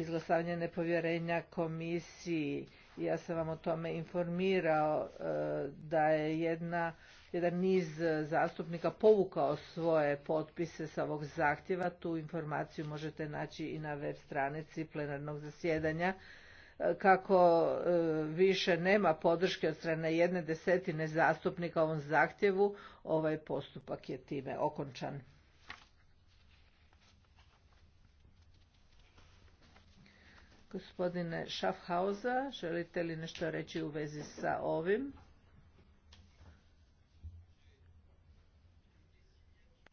izglasavanje nepovjerenja komisiji. Ja sam vam o tome informirao e, da je jedna, jedan niz zastupnika povukao svoje potpise sa ovog zahtjeva. Tu informaciju možete naći i na web stranici plenarnog zasjedanja. E, kako e, više nema podrške od strane jedne desetine zastupnika ovom zahtjevu, ovaj postupak je time okončan. Gospodine Schaffhauser, želite li nešto reći u vezi sa ovim?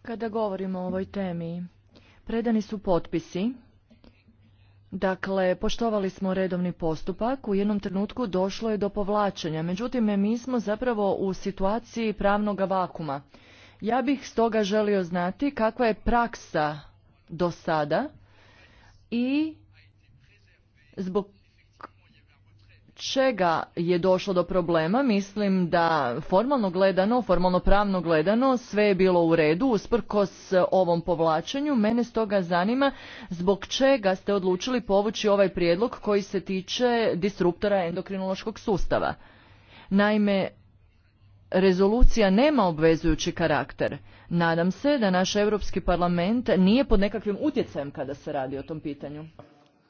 Kada govorimo o ovoj temi, predani su potpisi. Dakle, poštovali smo redovni postupak, u jednom trenutku došlo je do povlačenja, međutim mi smo zapravo u situaciji pravnog vakuma. Ja bih stoga želio znati kakva je praksa do sada i Zbog čega je došlo do problema, mislim da formalno gledano, formalno pravno gledano, sve je bilo u redu, usprkos ovom povlačenju. Mene stoga zanima zbog čega ste odlučili povući ovaj prijedlog koji se tiče disruptora endokrinološkog sustava. Naime, rezolucija nema obvezujući karakter. Nadam se da naš Europski parlament nije pod nekakvim utjecajem kada se radi o tom pitanju.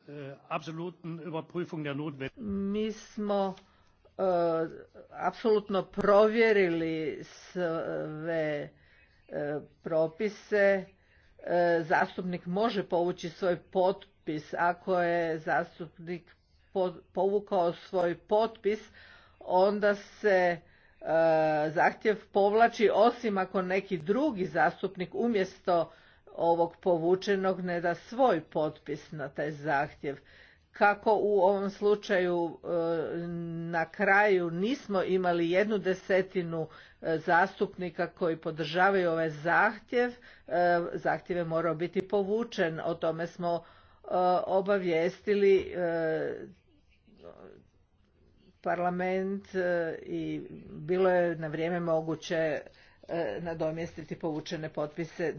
Äh, absoluten Überprüfung der Mi smo äh, apsolutno provjerili sve äh, propise. zastupnik može povući svoj potpis. Ako je zastupnik povukao svoj potpis, onda se zahtjev povlači osim ako neki drugi zastupnik umjesto ovog povučenog ne da svoj potpis na taj zahtjev. Kako u ovom slučaju e, na kraju nismo imali jednu desetinu e, zastupnika koji podržavaju ovaj zahtjev, e, zahtjev je morao biti povučen, o tome smo obavijestili parlament i bilo je na vrijeme moguće nadomjestiti povučene potpise